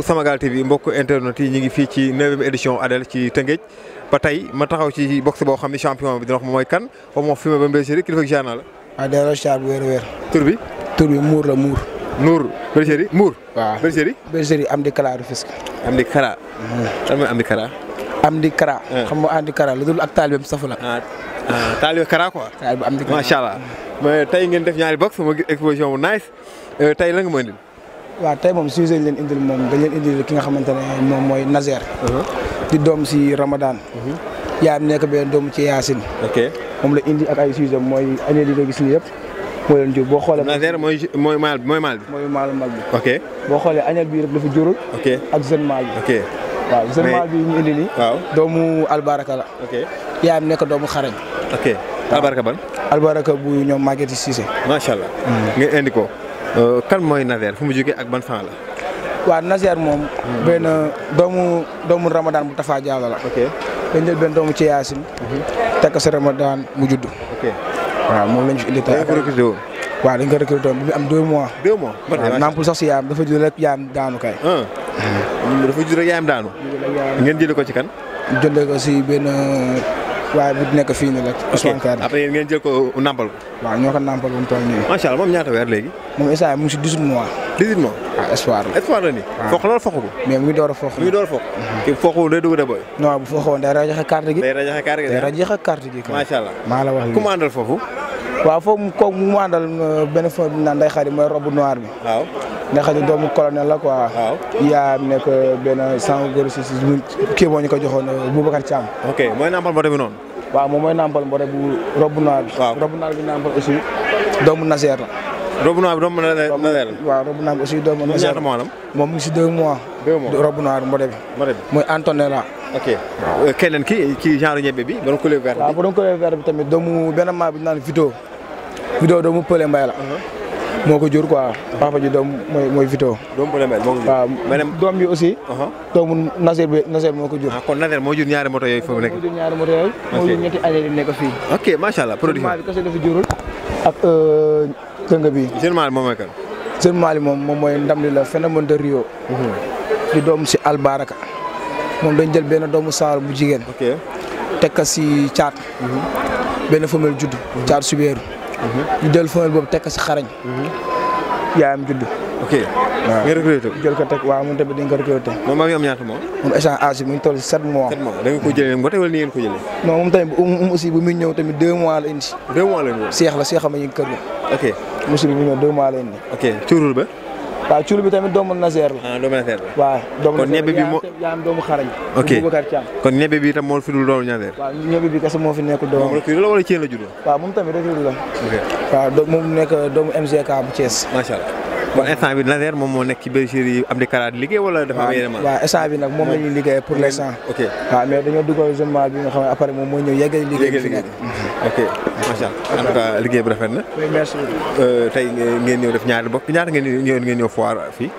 sama Samagal TV mbokku internet yi ñu ngi fii ci 9e édition Adel ci Tëngéej ba tey ma taxaw ci boxe boo champion bi dina wax moom mooy kan moom moo fi ma ba kilifa la. ah dina la char bu wér wér. tur bi tur bi muur la muur. muur bergerie muur. waaw bergerie. di Amdi Kara Rufisque. Amdi Kara. lan mooy Amdi Kara. Amdi Kara. Ah. xam nga Amdi Kara lu dul ak taalibeem safu la. ah, ah taalibe Kara quoi. taalibe Amdi Kara macha allah. mais ngeen def ñaari box ma gis exposition bu nice euh, tey la nga mën waaw tey moom sujet ñu leen indil moom dañ leen indil ki nga xamante ne moom mooy Nazer. Uh-huh. di doom si Ramadan. Uh-huh. yaayam nekk benn doomu ci Yacine. ok moom la indi ak ay sujet mooy année nga gis nii yëpp moo leen jur boo xoolee. Nazer mooy mooy maal mooy maal bi. mooy maal mag bi. boo xoolee année bii rek ok ak jeune maal bi. bi ñu indi nii. waaw doomu albaraka la. ok yaayam nekk doomu xarañ. ok albaraka ban. albaraka bu ñoom Maguette Cissé. macha allah. Mm. nga indi ko euh, kan mooy Nazer fu mu jógee ak ban fan la. waa Nazer moom. Mm. benn doomu doomu Ramadan bu Tafa Diallo dañ jël benn doomu ci yasin mhm. tekk sa ramadan mu judd wa mo lañ ci indi tey wa dañ ko recruté woon bi am 2 mois 2 mois nampul sax si yaam dafa judd rek yaam daanu kay hmm ñu dafa judd rek yaam daanu ngeen jël ko ci kan jël ko ci ben wa bu nekk fi ni la Ousmane Kane après ngeen jël ko nampal wa ñoko nampal ba mu ni nii macha allah moom ñaata weer léegi moom instant mu ci si 18 mois 18 mois waaw espoir la espoir la nii. waaw ah. foq loolu foq ko. mais mu ngi door a foq. mu ngi door a foq. kii mm-hmm. foqul day dugg de booy. non bu foqoon day rajaxe carte gi. day rajaxe carte gi gi. macha allah maa la wax ku mu àndal foofu. waaw foofu mu mu àndal euh, benn fois bi ñu naan Ndeye Khady mooy robe noir bi. waaw Ndeye Khady doomu colonel la euh, si kii moo ñu ko joxoon euh, Boubacar Thiam. ok mooy nampal mbote bi noonu. waaw moom mooy nampal mbote bu robe noir bi. waaw noir bi nampal aussi doomu Naseer la robe noire bi romb na leen na leen. waaw robe bi aussi doomu. moom ñaata mois la bi. mbode bi mooy Antonella. ok euh, keneen ki ci genre ñebe bi. Uh-huh. moo ko jur quoi papa ji doom mooy moo ko doom bi uh-huh. Nasser moo ko jur. ah moo jur ñaari moto yooyu moo jur ñaari moto yooyu. moo jur ñetti année yi nekk fii. ok macha allah produit maa bi kese dafa jurul euh, dégg bi bii. Jeune Mali moom mooy moom moom mooy ndam li la phénomène de Rio. Mhm. doom si albaraka. moom dañ jël benn doomu saar bu jigéen. ok teg si caat. Mhm. benn femelle judd. Mhm. caat subeeru. ñu jël femelle boobu teg ko si xarañ. yaayam judd. ok waaw nga recruté ko jël ko teg waaw moom tamit dañ ko si sept muy ñëw tamit deux mois la indi. deux la seex la seexam a ñu kër ga. musique ñu ne deux mois lay indi. ok cuurul ba. waaw cuur bi tamit doomu naseer la. ah doomu naseer la. kon ñebe bi moo yaa doomu xarañ. ok kon ñebe bi itam moo fi dul doomu naseer. waaw ñebe bi kese moo fi nekkul doomu. moom recrue a wala Thiel la juddoo. waaw moom tamit recrue la. ok waaw moom nekk doomu MGK bu Thiès. macha allah. kon instant bi Nazer moom moo nekk ci bergerie yi am di karaat liggéey wala dafa am yeneen waaw instant nag moom la liggéey pour l'instant ok waaw mais dañoo dugal jeune mâle bi nga xam mm-hmm. rafet na merci euh, tey ngeen ñëw def ñaari bopp ñaata ngeen ñëw ngeen ñëw foire fii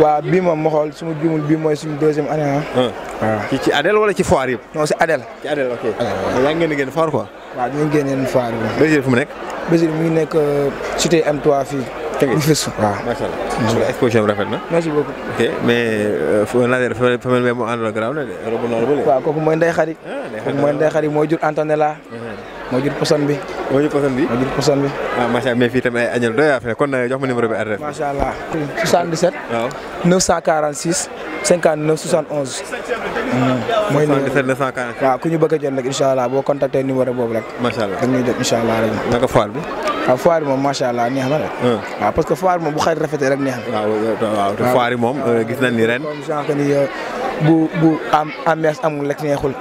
waaw bii ma xool suma juumul bii mooy suñu deuxième année ah, ah. waaw ci ci Adel ci foire yëpp non si Adel ci Adel ok yaa ngi ngeen foire quoi waaw dinañ génneen foire bi bergerie fu mu nekk bergerie mu ngi nekk euh, cité M3 fii tënkee bu fees waaw mm. na. merci beaucoup. ok mais euh, Nader femelle bi moo àndal garaaw na mooy Ndeye ah, mooy moo jur Antonella. Uh-huh. moo jur poson bi. moo jur poson bi moo jur poson bi. ah macha allah mais fii tamit ay añal doy fee kon jox ma numéro bi adresse bi. macha allah. 77. waaw 946. 59 71. mooy numéro 77 946. waaw ku ñu bëgg a jot rek incha allah boo contacté numéro boobu rek. macha allah da nga bi. waaw ah, foire moom macha allah neex na rek. Ah, parce que foire moom bu xarit rafetee rek neex na. Ah, foire yi moom gis nañ ni ren. comme euh, bu bu am ambiance amul rek neexul.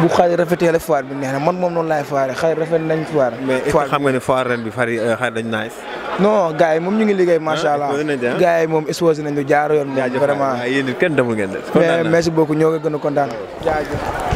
bu xarit rafetee la foire bi neex na man moom noonu laay foire xarit rafet nañ foire. mais xam nga ne foire ren bi fari euh, xarit dañ naaj. non gars yi moom ñu ngi liggéey macha allah gars yi moom exposé nañu jaar yoon. vraiment yéen it kenn demul ngeen def. kontaan naa mais merci ñoo ngi gën a kontaan. jaajëf.